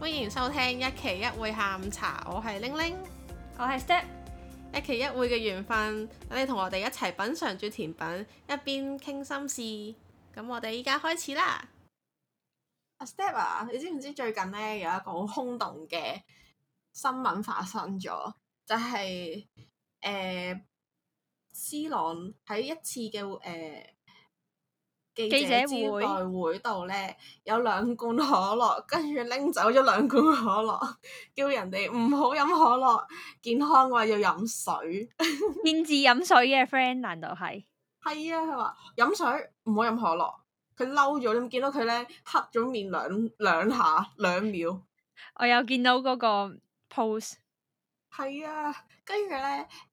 歡迎收聽一期一會下午茶，我係玲玲，我係 Step，一期一會嘅緣分，等你同我哋一齊品嘗住甜品，一邊傾心事，咁我哋依家開始啦。Step 啊，你知唔知最近呢有一個好轟動嘅新聞發生咗，就係、是呃斯朗喺一次嘅誒、呃、記者招待會度呢，有兩罐可樂，跟住拎走咗兩罐可樂，叫人哋唔好飲可樂，健康嘅話要飲水，堅持飲水嘅 friend 難道係？係啊，佢話飲水唔好飲可樂，佢嬲咗，你有冇見到佢呢？黑咗面兩兩下兩秒，我有見到嗰個 pose 係啊，跟住咧，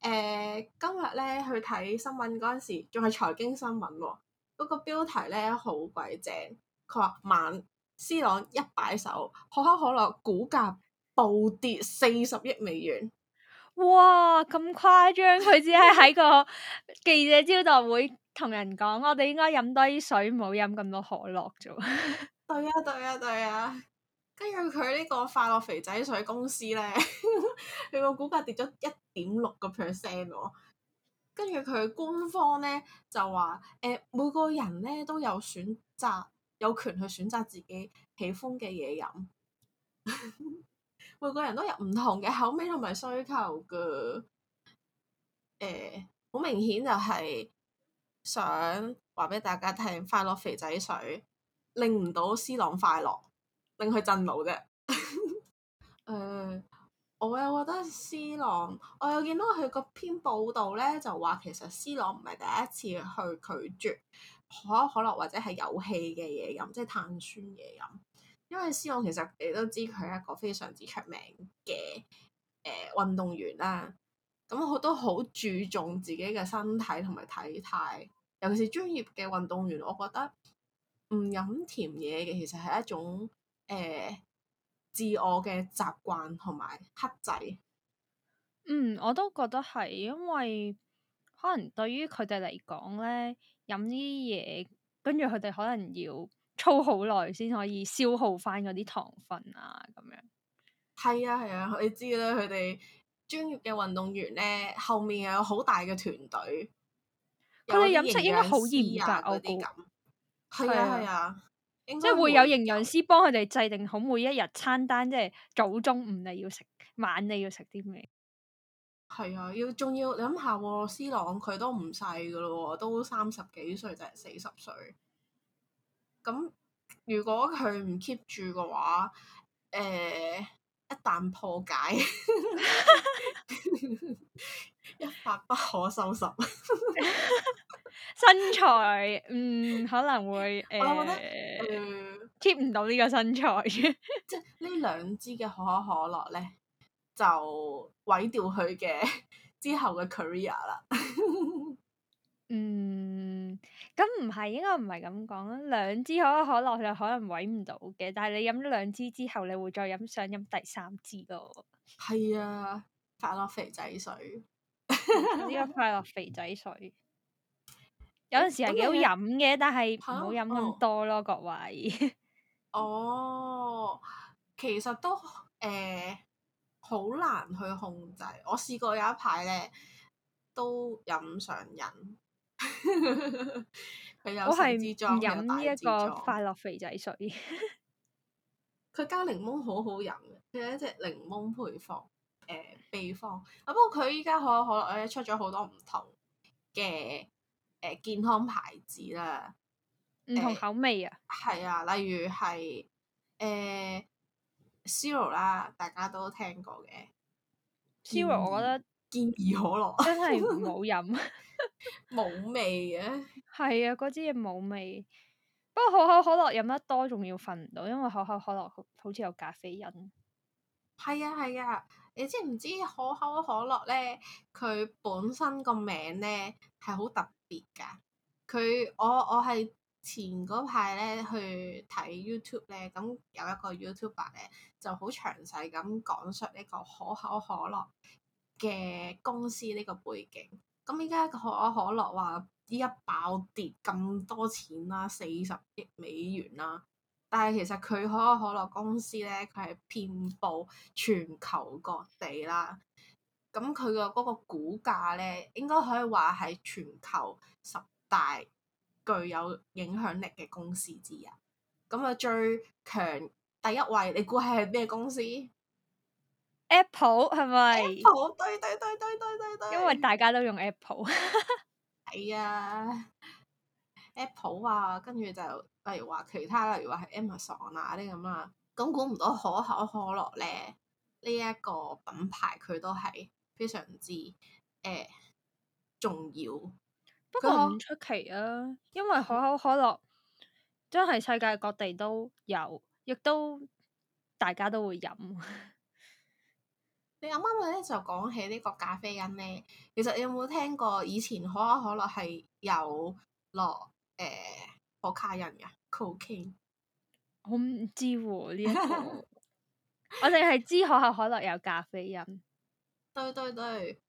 誒、呃、今日咧去睇新聞嗰陣時，仲係財經新聞喎、啊。嗰、嗰個標題咧好鬼正，佢話萬斯朗一擺手，可口可，可樂股價暴跌四十億美元。哇！咁誇張，佢只係喺個記者招待會同人講， 我哋應該飲多啲水，唔好飲咁多可樂啫、 啊。對啊，對啊，對啊。跟住佢呢個快樂肥仔水公司咧，佢個股價跌咗一點六個 percent 喎。跟住佢官方咧就話，誒、呃、每個人咧都有選擇，有權去選擇自己喜歡嘅嘢飲。每個人都有唔同嘅口味同埋需求嘅。誒、呃，好明顯就係想話俾大家聽，快樂肥仔水令唔到思朗快樂。令佢震腦啫。誒，我又覺得 C 朗，我又見到佢嗰篇報道咧，就話其實 C 朗唔係第一次去拒絕可口可樂或者係有氣嘅嘢飲，即係碳酸嘢飲。因為 C 朗其實你都知佢係一個非常之出名嘅誒、呃、運動員啦、啊。咁佢都好注重自己嘅身體同埋體態，尤其是專業嘅運動員，我覺得唔飲甜嘢嘅其實係一種。誒，自我嘅習慣同埋克制。嗯，我都覺得係，因為可能對於佢哋嚟講呢，飲呢啲嘢，跟住佢哋可能要操好耐先可以消耗翻嗰啲糖分啊，咁樣。係啊，係啊，你知啦，佢哋專業嘅運動員呢，後面有好大嘅團隊。佢哋飲食應該好嚴格，嗰啲咁。係啊，係啊。A, cut 即係會有營養師幫佢哋制定好每一日餐單，即係早、中、午，你要食，晚，晚你要食啲咩？係啊，要仲要你諗下、哦，C 朗佢都唔細噶咯，都三十幾歲定係四十歲，咁如果佢唔 keep 住嘅話，誒、呃，一旦破解。 一發不可收拾 身材嗯可能會誒，keep 唔到呢個身材嘅，即呢兩支嘅可口可,可樂呢，就毀掉佢嘅之後嘅 career 啦 。嗯，咁唔係，應該唔係咁講啦。兩支可口可,可樂就可能毀唔到嘅，但係你飲咗兩支之後，你會再飲想飲第三支咯、哦。係啊，快樂肥仔水。呢 個快樂肥仔水，有陣時係幾好飲嘅，但係唔好飲咁多咯，各位、啊。哦, 哦，其實都誒好、呃、難去控制。我試過有一排呢，都飲上癮。 我係唔飲呢一個快樂肥仔水。佢 加檸檬好好飲嘅，佢係一隻檸檬配方。誒，秘方啊！不過佢而家可口可樂呢，出咗好多唔同嘅誒健康牌子啦，唔同口味啊，係啊，例如係誒 Zero 啦，大家都聽過嘅 Zero。我覺得健怡可樂真係唔好飲，冇味嘅，係啊，嗰支嘢冇味。不過可口可樂飲得多仲要瞓唔到，因為可口可樂好似有咖啡因。係啊，係啊。你知唔知可口可樂咧？佢本身個名咧係好特別噶佢我我係前嗰排咧去睇 YouTube 咧，咁有一個 YouTuber 咧就好詳細咁講述呢個可口可樂嘅公司呢個背景。咁依家可口可樂話依家爆跌咁多錢啦，四十億美元啦。但係其實佢可口可樂公司咧，佢係遍佈全球各地啦。咁佢個嗰個股價咧，應該可以話係全球十大具有影響力嘅公司之一。咁啊最強第一位，你估係咩公司？Apple 係咪？Apple 對對對對對對，對，因為大家都用 Apple。係 啊。Apple 啊，跟住就例如話其他，例如話係 Amazon 啊啲咁啦，咁估唔到可口可樂呢，呢、這、一個品牌佢都係非常之誒、欸、重要。不過唔出是奇啊，因為可口可，可樂真係世界各地都有，亦都大家都會飲。 你啱啱咪就講起呢個咖啡因呢？其實你有冇聽過以前可口可樂係有落？誒、欸，可卡因噶，cocaine。我唔知喎呢一個， 我淨係知可口可樂有咖啡因。 對對對，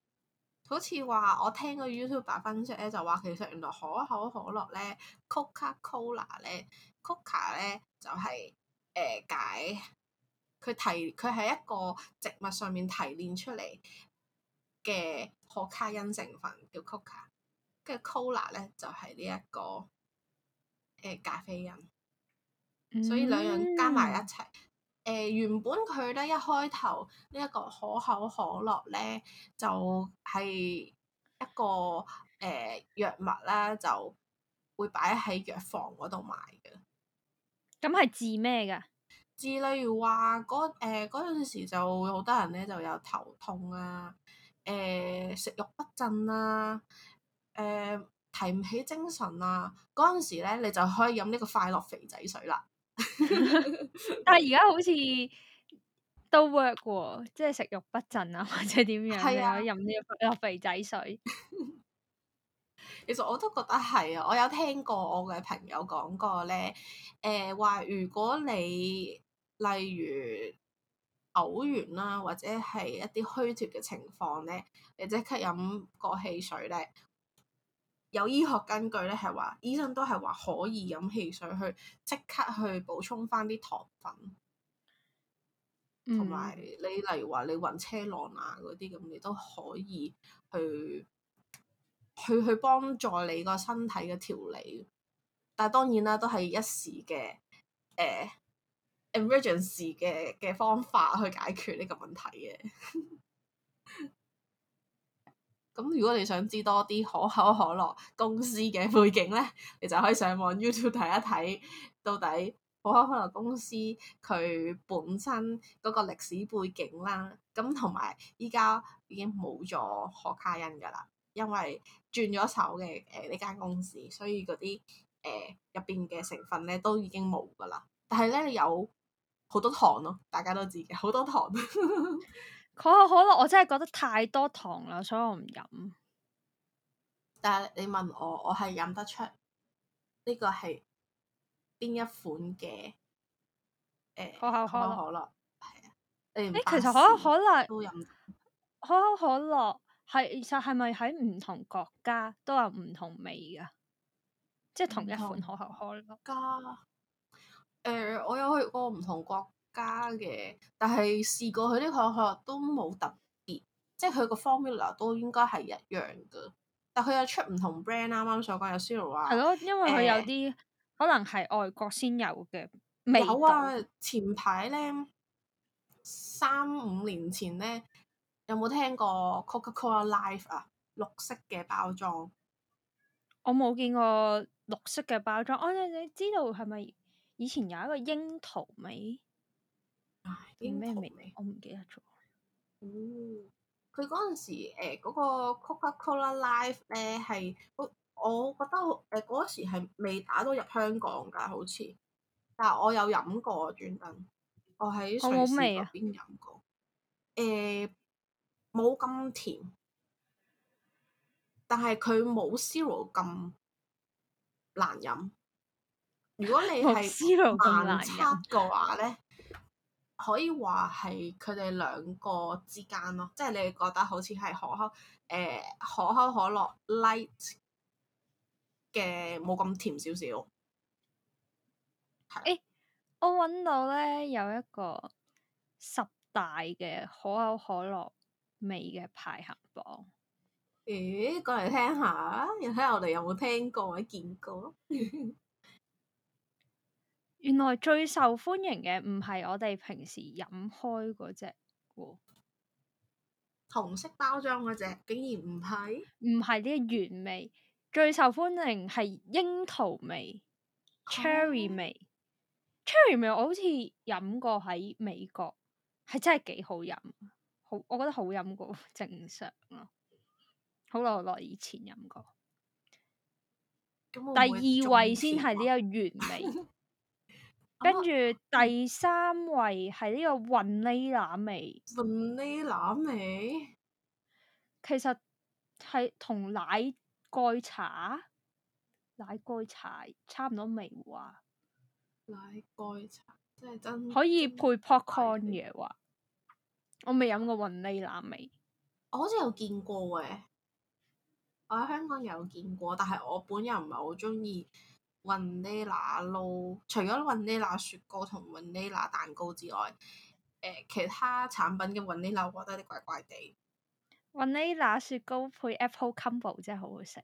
好似話我聽個 YouTuber 分析咧，就話其實原來可口可，可樂咧，Coca-Cola 咧，Coca 咧就係、是、誒、呃、解，佢提佢係一個植物上面提煉出嚟嘅，可卡因成分叫 Coca。跟住 cola 咧就係呢一個誒、呃、咖啡因，所以兩樣加埋一齊誒、嗯呃。原本佢咧一開頭呢一、這個可口可樂咧就係、是、一個誒藥、呃、物啦，就會擺喺藥房嗰度賣嘅。咁係治咩㗎？治例如話嗰誒嗰陣時就好多人咧就有頭痛啊，誒、呃、食慾不振啊。誒、呃，提唔起精神啊，嗰陣時咧，你就可以飲呢個快樂肥仔水啦。 但係而家好似都 work 喎，哦，即係食欲不振啊，或者點樣啊，係啊，飲呢個快樂肥仔水。 其實我都覺得係啊，我有聽過我嘅朋友講過咧，誒、呃，話如果你例如嘔完啦，或者係一啲虛脱嘅情況咧，你即刻飲個汽水咧。有醫學根據咧，係話醫生都係話可以飲汽水去即刻去補充翻啲糖分，同埋、嗯、你例如話你暈車浪啊嗰啲咁，你都可以去去去幫助你個身體嘅調理。但係當然啦，都係一時嘅誒、呃、emergency 嘅嘅方法去解決呢個問題嘅。 咁如果你想知多啲可口可樂公司嘅背景咧，你就可以上網 YouTube 睇一睇，到底可口可樂公司佢本身嗰個歷史背景啦。咁同埋依家已經冇咗可卡因噶啦，因為轉咗手嘅誒呢間公司，所以嗰啲誒入邊嘅成分咧都已經冇噶啦。但係咧有好多糖咯、哦，大家都知嘅，好多糖。 可口可樂，我真係覺得太多糖啦，所以我唔飲。但係你問我，我係飲得出呢個係邊一款嘅？誒、呃，可口可樂係你其實可口可樂可口可樂係，其實係咪喺唔同國家都有唔同味噶？即係同一款可口可樂。國家，誒、呃，我有去過唔同國。加嘅，但係試過佢啲可可都冇特別，即係佢個 formula 都應該係一樣噶。但佢又出唔同 brand，啱啱所講有 Zero 啊，係 咯樂， 因為佢有啲 可能係外國先有嘅。未有啊，前排咧三五年前咧，有冇聽過 Coca-Cola Life 啊？綠色嘅包裝，我冇見過綠色嘅包裝。我、哦、你你知道係咪以前有一個櫻桃味？叫咩名、呃那個 Live, 呃？我唔記得咗。佢嗰陣時誒，嗰個 Coca-Cola Life 咧係我我覺得誒嗰、呃、時係未打到入香港噶，好似，但我有飲過專登，我喺瑞士入邊飲過。誒、啊，冇咁、呃、甜，但係佢冇 Zero 咁難飲。如果你係 難測嘅話咧？ 可以話係佢哋兩個之間咯，即係你覺得好似係可口誒、呃、可口可樂 light 嘅冇咁甜少少。誒、欸，我揾到呢有一個十大嘅可口可樂味嘅排行榜。咦、欸？講嚟聽下，睇下我哋有冇聽過或者見過。 原來最受歡迎嘅唔係我哋平時飲開嗰隻喎，紅色包裝嗰隻，竟然唔係，唔係呢個原味，最受歡迎係櫻桃味、oh.，cherry 味，cherry 味，cherry 味我好似飲過喺美國，係真係幾好飲，好，我覺得好飲過，正常咯、啊，好耐好耐以前飲過，會會第二位先係呢個原味。 跟住第三位係呢個雲呢拿味，雲呢拿味其實係同奶蓋茶、奶蓋茶差唔多味喎。哇奶蓋茶真係真。可以配 popcorn 嘅話，的我未飲過雲呢拿味。我好似有見過嘅，我喺香港有見過，但係我本人唔係好中意。雲呢拿撈，除咗雲呢拿雪糕同雲呢拿蛋糕之外，誒、呃，其他產品嘅雲呢拿，我覺得啲怪怪地。雲呢拿雪糕配 Apple Campbell 真係好好食。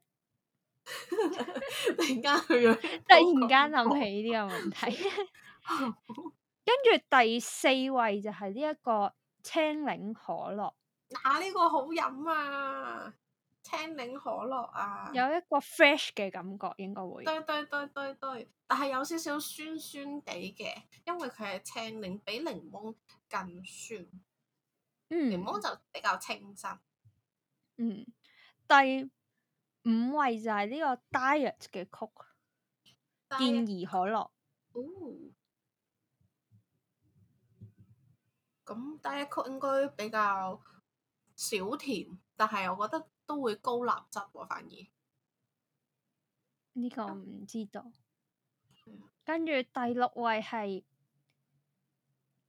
突然間去咗，突然間諗起呢個問題。跟 住 第四位就係呢一個青檸可樂，啊呢、呢個好飲啊！青檸可樂啊，有一個 fresh 嘅感覺，應該會，對對對對對，但係有少少酸酸地嘅，因為佢係青檸，比檸檬更酸，嗯，檸檬就比較清新，嗯，第五位就係呢個 diet 嘅曲，健怡可樂，哦，咁 diet 曲應該比較少甜，但係我覺得。都會高鈉質喎，反而呢個我唔知道。嗯、跟住第六位係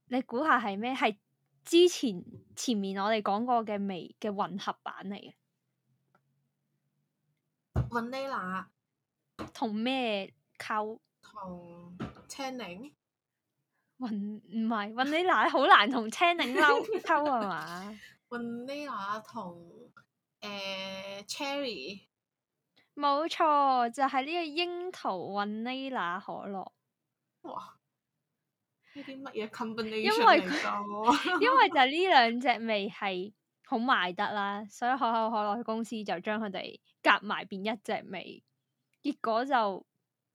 你估下係咩？係之前前面我哋講過嘅微嘅混合版嚟嘅。Vanilla 同咩溝？同青檸。唔係 Vanilla 好難同青檸溝溝係嘛？Vanilla 同。誒、欸、cherry，冇錯，就係、是、呢個櫻桃雲呢拿可樂。哇，呢啲乜嘢 combination 嚟噶？ 因為就呢兩隻味係好賣得啦，所以可口可樂公司就將佢哋夾埋變一隻味，結果就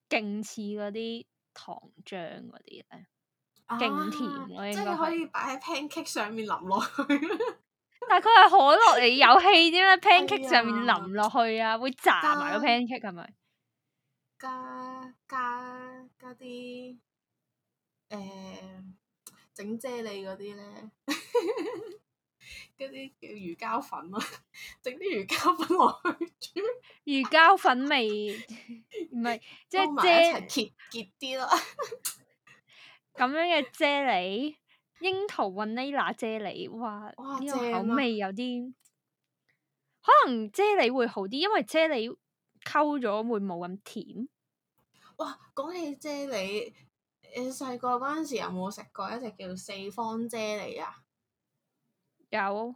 勁似嗰啲糖漿嗰啲咧，勁、啊、甜。即係、啊就是、可以擺喺 pancake 上面淋落去。 但佢係可樂嚟，有氣啲咩 ？pancake 上面淋落去啊，哎、呀會炸埋個 pancake 係咪？加加加啲誒整啫喱嗰啲呢？嗰 啲叫魚膠粉啊，整啲魚膠粉落去，魚膠粉味唔係即係啫喱結結啲咯，咁樣嘅啫喱。 櫻桃雲呢拿啫喱，哇！呢哇個口味有啲。啊、可能啫喱會好啲，因為啫喱溝咗會冇咁甜。哇，講起啫喱，你細個嗰陣時有冇食過一隻叫四方啫喱啊？有，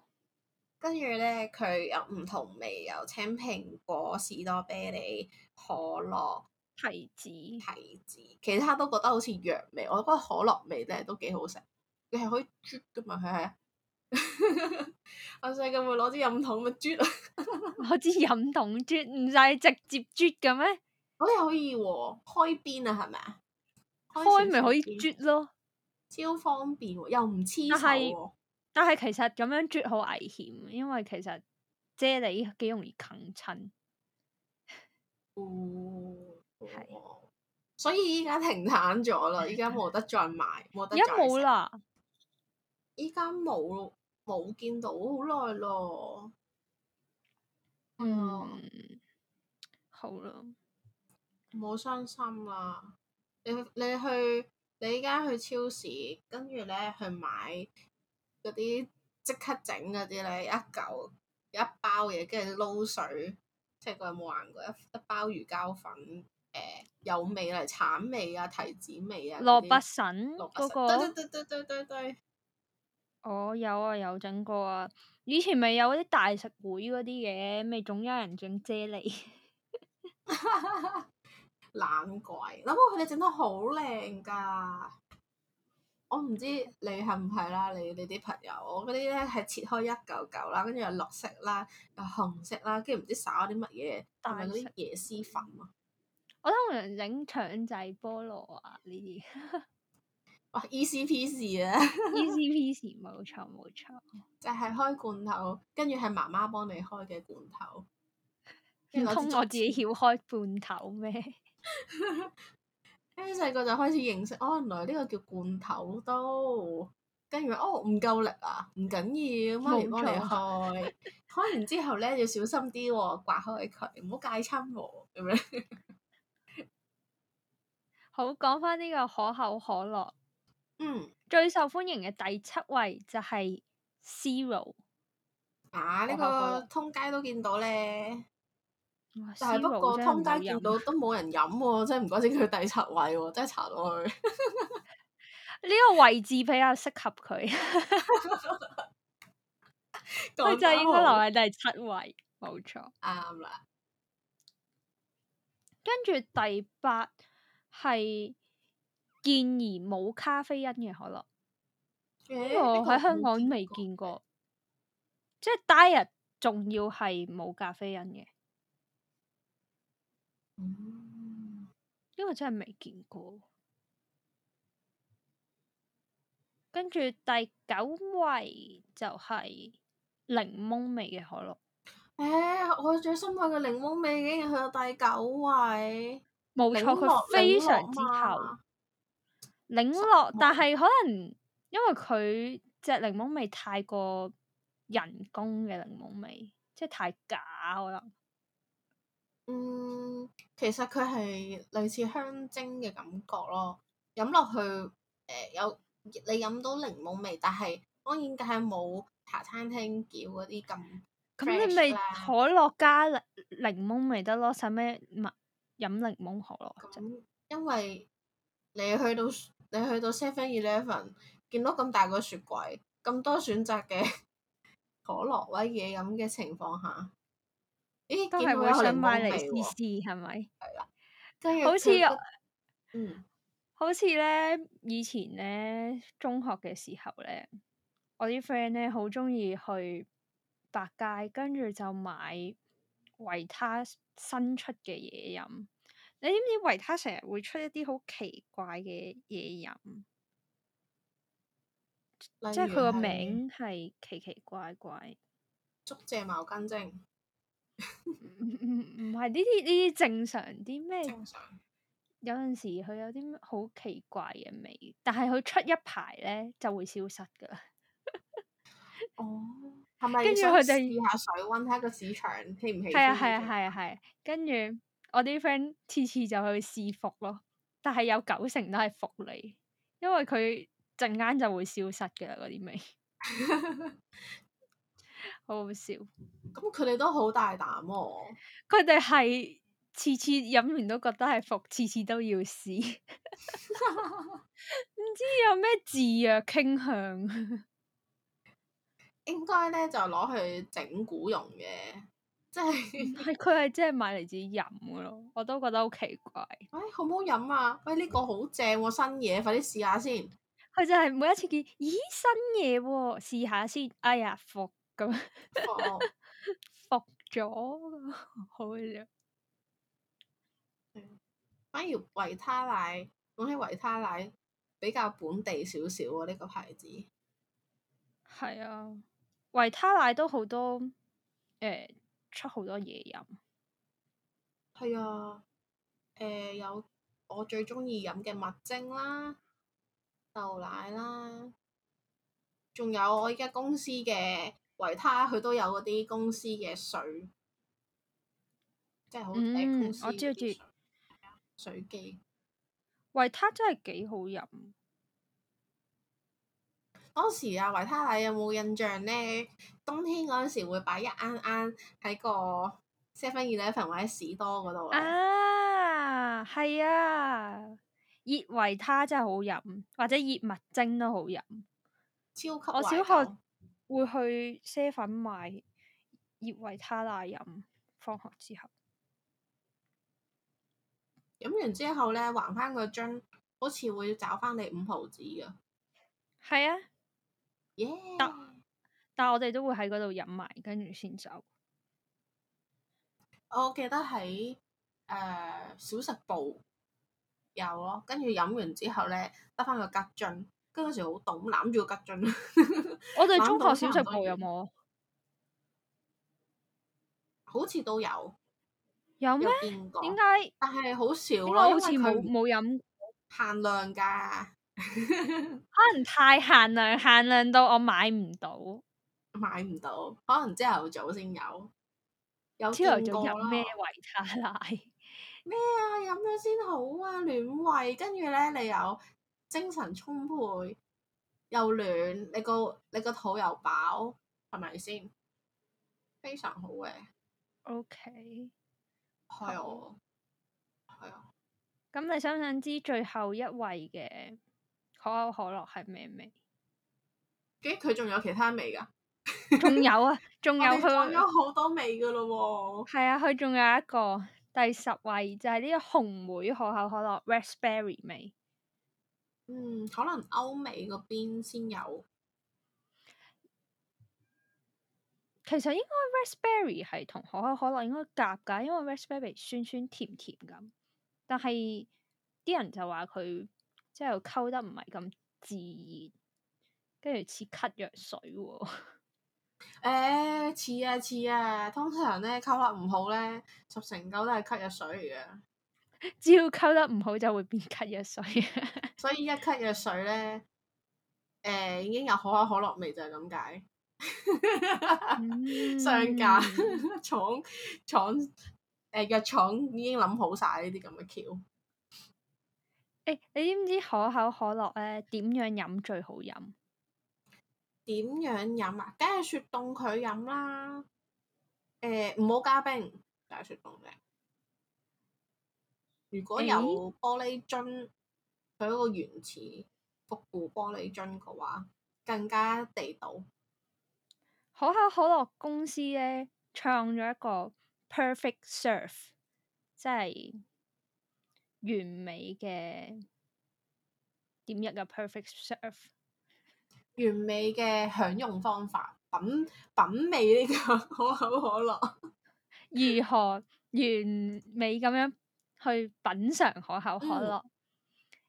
跟住咧，佢有唔同味，有青蘋果、士多啤梨、可樂、提子、提子、提子，其他都覺得好似藥味。我覺得可樂味咧都幾好食。你係可以啜噶嘛？佢係、啊， 我細個會攞支飲筒去啜，攞支飲筒啜，唔使直接啜嘅咩？嗰個可以喎，開邊啊？係咪啊？開咪可以啜咯，超方便，喎，又唔黐手。但係其實咁樣啜好危險，因為其實啫喱幾容易啃親、哦。哦，所以依家停產咗啦，依家冇得再買，冇得。而家冇啦。依家冇咯，冇見到好耐咯。嗯，嗯，好啦了，冇傷心啦。你你去你依家去超市，跟住呢去買嗰啲即刻整嗰啲呢，一嚿一包嘢，跟住撈水。即係佢有冇行過一一包魚膠粉？誒、呃，有味啊，橙味啊，提子味啊，蘿蔔筍，蘿蔔筍，那個、對對對對，對，對，對，對，對。哦，oh, 有啊，有整過啊！以前咪有嗰啲大食會嗰啲嘅，咪總有人整啫喱。懶 怪， 諗下佢哋整得好靚噶。我唔知你係唔係啦，你你啲朋友，我嗰啲呢係切開一嚿嚿啦，跟住又綠色啦，又紅色啦，跟住唔知灑咗啲乜嘢，但係嗰啲椰絲粉啊。我通常整腸仔菠蘿啊，呢啲。 哇 ECPC e 啊 ECPC 冇錯冇錯，錯就係開罐頭，跟住係媽媽幫你開嘅罐頭。唔通我自己要開罐頭咩？跟住細個就開始認識，哦，原來呢個叫罐頭刀，跟住哦，唔夠力啊，唔緊要，媽咪幫你開， 開完之後呢，要小心啲喎，哦，刮開佢，唔好戒親我咁樣。好講翻呢個可口可樂。嗯，最受歡迎嘅第七位就係 Zero 啊！呢、啊這個通街都見到呢？但係不過通街見到都冇人飲喎、啊，真係唔怪得佢第七位、啊，喎。真係查落去呢 個位置比較適合佢，佢 好就應該留喺第七位，冇錯啱啦。嗯、跟住第八係。健怡冇咖啡因嘅可樂，欸、我喺香港未見過，欸呢個、未見過即係 diet 仲要係冇咖啡因嘅，嗯、因為真係未見過。跟住、嗯、第九位就係檸檬味嘅可樂。誒、欸，我最心愛嘅檸檬味竟然去到第九位，冇錯，佢落非常之受。檸樂，但係可能因為佢隻檸檬味太過人工嘅檸檬味，即係太假可能。我嗯，其實佢係類似香精嘅感覺咯，飲落去誒、呃、有你飲到檸檬味，但係當然係冇茶餐廳叫嗰啲咁。咁、嗯、你咪可樂加檸檬咪得咯，使咩咪飲檸檬可樂啫？因為你去到。你去到 Seven Eleven，見到咁大個雪櫃，咁多選擇嘅可樂、威嘢咁嘅情況下，咦都係是 到會想買嚟試試，係咪？係啊，吧對好似嗯，好似呢。以前呢，中學嘅時候呢，我啲 friend 呢好鍾意去百佳，跟住就買維他新出嘅嘢飲。你知唔知維他成日會出一啲好奇怪嘅嘢飲？即係佢個名係奇奇怪怪，竹蔗茅根精，唔唔係呢啲呢啲正常啲咩？正常有陣時佢有啲好奇怪嘅味，但係佢出一排呢就會消失噶。 哦，係咪跟住佢就要下水溫，睇下個市場興唔興？係啊係啊係啊係啊，跟住。我啲 friend 次次就去試服咯，但係有九成都係服你，因為佢陣間就會消失噶啦，嗰啲味，好 好笑。咁佢哋都好大膽哦。佢哋係次次飲完都覺得係服，次次都要試，唔 知有咩自虐傾向。 應該呢就攞去整蠱用嘅。即係，但係佢係即係買嚟自己飲噶咯，我都覺得好奇怪。哎，好唔好飲啊？喂，呢個好正喎，新嘢，快啲試下先。佢就係每一次見，咦，新嘢喎，試下先。哎呀，服咁，服服咗，好嘅。反而維他奶，講起維他奶比較本地少少啊，呢個牌子。係啊，維他奶都好多唉。呃出好多嘢飲，係啊，誒、呃、有我最中意飲嘅麥精啦、豆奶啦，仲有我而家公司嘅維他佢都有嗰啲公司嘅水，真係好。嗯，公司我知我知，水機。維他真係幾好飲。當時啊，維他奶有冇印象呢？冬天嗰陣時會擺一盎盎喺個 seven eleven 或者士多嗰度啊，係啊，熱維他真係好飲，或者熱麥精都好飲。超級懷舊。我小學會去 seven 買熱維他奶飲，放學之後飲完之後呢，還翻個樽，好似會找翻你五毫子噶係啊。得，Yeah. 但我哋都會喺嗰度飲埋，跟住先走。我記得喺誒、呃、小食部有咯，跟住飲完之後呢，得翻個吉樽，跟住嗰時好凍，攬住個吉樽。 我哋中學小食部有冇？好似都有，有咩嗎？點解？但係好少咯，好似冇冇飲，限喝量噶。 可能太限量，限量到我買唔到，買唔到，可能朝頭早先有，有朝頭、啊、早有咩維他奶？咩 啊，飲咗先好啊，暖胃，跟住呢，你又精神充沛，又暖，你個你個肚又飽，係咪先？非常好嘅，OK，係喎，係喎，咁你想唔想知最後一位嘅？可口可樂係咩味？佢仲有其他味噶？仲 有啊！仲有佢放咗好多味噶咯喎。係 啊，佢仲有一個第十位就係、是、呢個紅莓可口可樂 （raspberry 味）。嗯，可能歐美嗰邊先有。其實應該 raspberry 係同可口可樂應該夾噶，因為 raspberry 酸酸甜甜咁，但係啲人就話佢。之係又溝得唔係咁自然，跟住似咳藥水喎、哦。唉、欸，似啊似啊，通常呢，溝得唔好呢，十成九都係咳藥水嚟嘅。只要溝得唔好，就會變咳藥水啊。所以一咳藥水呢，唉、呃，已經有可口可樂味就係咁解。 嗯、 上架廠廠唉，藥廠、呃、已經諗好晒呢啲咁嘅橋。哎、你知唔知可口可樂呢？點樣飲最好飲？點樣飲啊？梗係雪凍佢飲啦。誒、呃，唔好加冰，梗係雪凍嘅。如果有玻璃樽，佢嗰咦個原始復古玻璃樽嘅話，更加地道。可口可樂公司呢，唱咗一個 Perfect Serve，即係。完美嘅點樣嘅 perfect serve，完美嘅享用方法，品品味呢個可口可樂， 如何完美咁樣去品嘗可口可樂？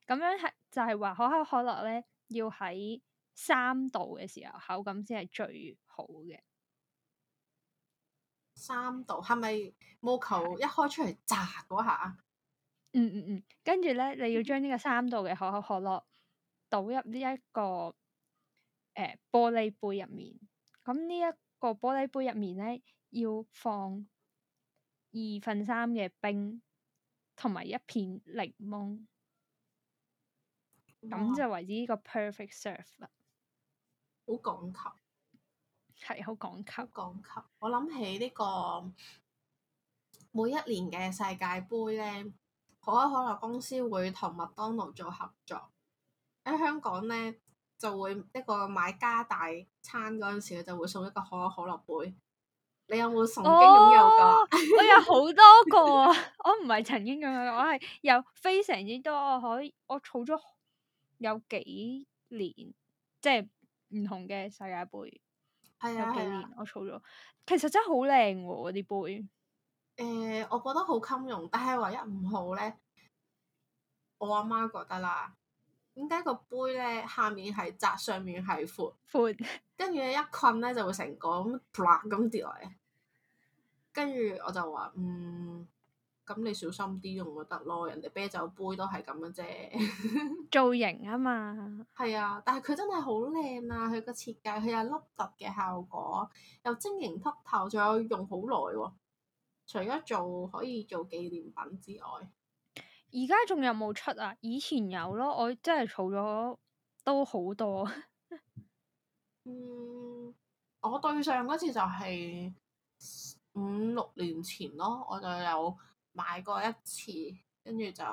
咁、嗯、樣係就係話可口可樂呢，要喺三度嘅時候口感先係最好嘅。三度係咪毛球一開出嚟，炸嗰下啊？嗯嗯嗯，跟住呢，你要將呢個三度嘅可口可樂倒入呢、這、一個誒、呃、玻璃杯入面。咁呢一個玻璃杯入面呢，要放二分三嘅冰，同埋一片檸檬。咁、哦、就為之呢個 perfect serve 啦。好講求。係，好講求講求。我諗起呢、這個每一年嘅世界盃呢。可口可樂公司會同麥當勞做合作，喺香港呢，就會一個買加大餐嗰陣時，就會送一個可口可樂杯。你有冇曾經擁有過？哦、 我有好多個啊， 我唔係曾經擁有，我係有非常之多。我可以我儲咗有幾年，即係唔同嘅世界盃。係啊，幾年我儲？我儲咗，其實真係好靚喎！嗰啲杯。誒、呃，我覺得好襟用，但係唯一唔好咧，我阿媽覺得啦，點解個杯咧下面係窄，上面係闊闊，跟住闊一困咧就會成個咁，咁跌落嚟，跟住我就話，嗯，咁你小心啲用咪得咯，人哋啤酒杯都係咁嘅啫， 造型啊嘛，係 啊，但係佢真係好靚啊，佢個設計，佢有凹凸嘅效果，又晶瑩剔透，仲有用好耐喎。除咗做可以做紀念品之外，而家仲有冇出啊？以前有咯，我真係儲咗都好多。 嗯，我對上嗰次就係五六年前咯，我就有買過一次，跟住就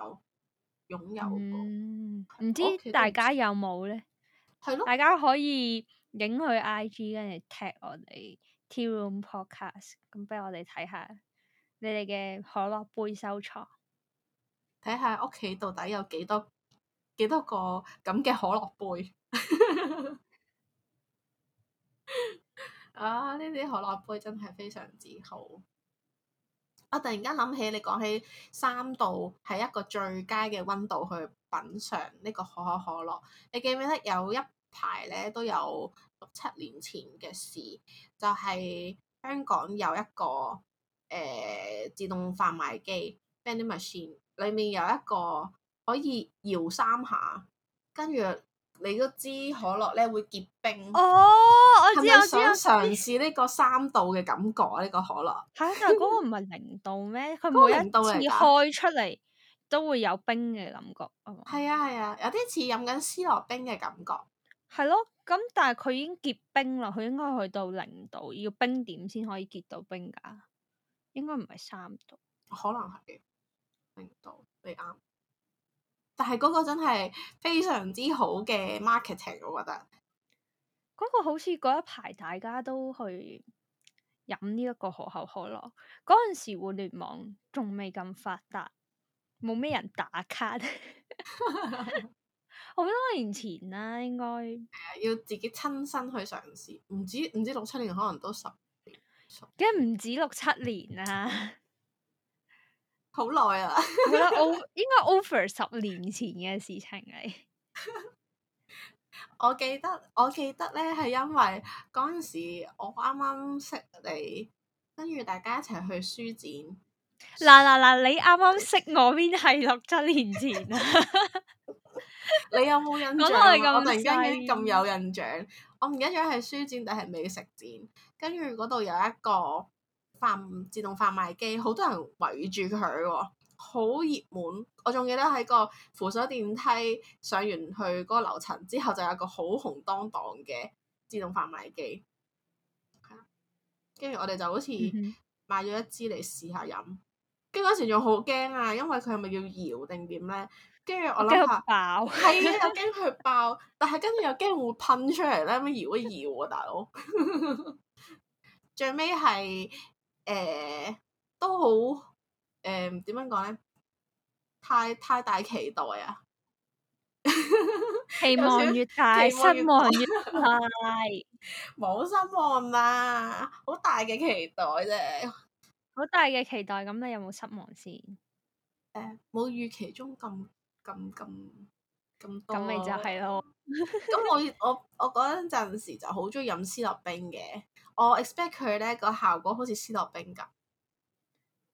擁有過。唔、嗯、知大家有冇呢？係咯，大家可以影佢 IG，跟住 tag 我哋 T Room Podcast，咁俾我哋睇下。你哋嘅可樂杯收藏，睇下屋企到底有幾多幾多個咁嘅可樂杯。 啊，呢啲可樂杯真係非常之好。我突然間諗起你講起三度係一個最佳嘅溫度去品嘗呢個可口可樂。你記唔記得有一排呢都有六七年前嘅事，就係香港有一個。誒、呃，自動販賣機 vending machine） 裏面有一個可以搖三下，跟住你都知可樂咧會結冰。哦，我知是不是我知。想嘗試呢個三度嘅感覺、這個、啊，呢、那個可樂啊，但係嗰個唔係零度咩？佢 每一次開出嚟都會有冰嘅感覺。係、嗯、啊係啊，有啲似飲緊思樂冰嘅感覺。係咯，咁但係佢已經結冰啦，佢應該去到零度，要冰點先可以結到冰噶。應該唔係三度，可能係零度，你啱。但係嗰個真係非常之好嘅 marketing，我覺得。嗰個好似嗰一排大家都去飲呢一個可口可樂，嗰陣時互聯網仲未咁發達，冇咩人打卡。好 多年前啦、啊，應該要自己親身去嘗試，唔知唔知六七年可能都十。梗唔止六七年啦，好耐啦。我覺得 over 應該 over 十年前嘅事情嚟。我記得我記得呢係因為嗰陣時我啱啱識你，跟住大家一齊去書展。嗱嗱嗱，你啱啱識我邊係六七年前啊？你有冇印象？我突然間咁有印象，我唔記得係書展定係美食展。跟住嗰度有一個販自動販賣機，好多人圍住佢喎，好熱門。我仲記得喺個扶手電梯上完去嗰個樓層之後，就有個好紅當當嘅自動販賣機。跟、okay. 住我哋就好似買咗一支嚟試下飲。跟住嗰時仲好驚啊，因為佢係咪要搖定點咧？跟住我諗吓爆，係 啊，又驚佢爆，但係跟住又驚會噴出嚟咧，咩搖一搖啊，大佬！ 最尾係，誒、呃，都好，誒、呃，點樣講咧？太太大期待啊！期 點望越大，失望越大。冇失望嘛，好大嘅期待啫。好 大嘅期待，咁你有冇失望先？誒、呃，冇預期中咁咁咁咁多，咁咪就係咯。咁 我我我嗰陣時就好中意飲思酪冰嘅。我 expect 佢呢個效果好似思樂冰咁，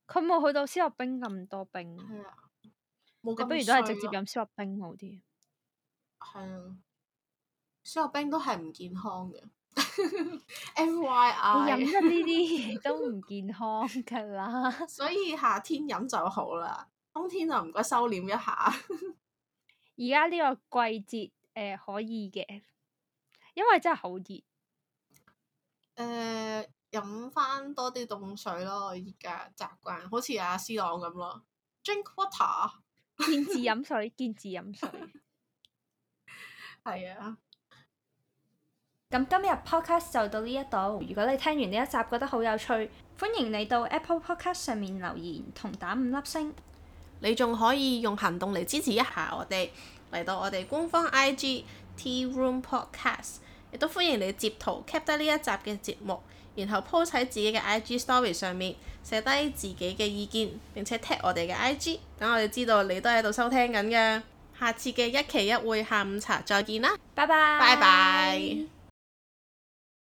佢冇去到思樂冰咁多冰。係啊，不如都係直接飲思樂冰好啲。係啊，思樂冰都係唔健康嘅。 M Y 你飲得呢啲嘢都唔健康噶啦。 所以夏天飲就好啦，冬天就唔該收斂一下。而家呢個季節誒、呃、可以嘅，因為真係好熱。誒，飲翻、uh，多啲凍水咯，我而家習慣，好似阿 C 朗咁咯，drink water，見字飲水，見字飲水，係 啊。咁今日 podcast 就到呢一度，如果你聽完呢一集覺得好有趣，歡迎你到 Apple Podcast 上面留言同打五粒星，你仲可以用行動嚟支持一下我哋，嚟到我哋官方 IG Tea Room Podcast。亦都歡迎你截圖 cap 低呢一集嘅節目，然後 po 喺自己嘅 IG story 上面，寫低自己嘅意見，並且 tag 我哋嘅 IG，等我哋知道你都喺度收聽緊嘅。下次嘅一期一會下午茶再見啦，拜拜，拜拜。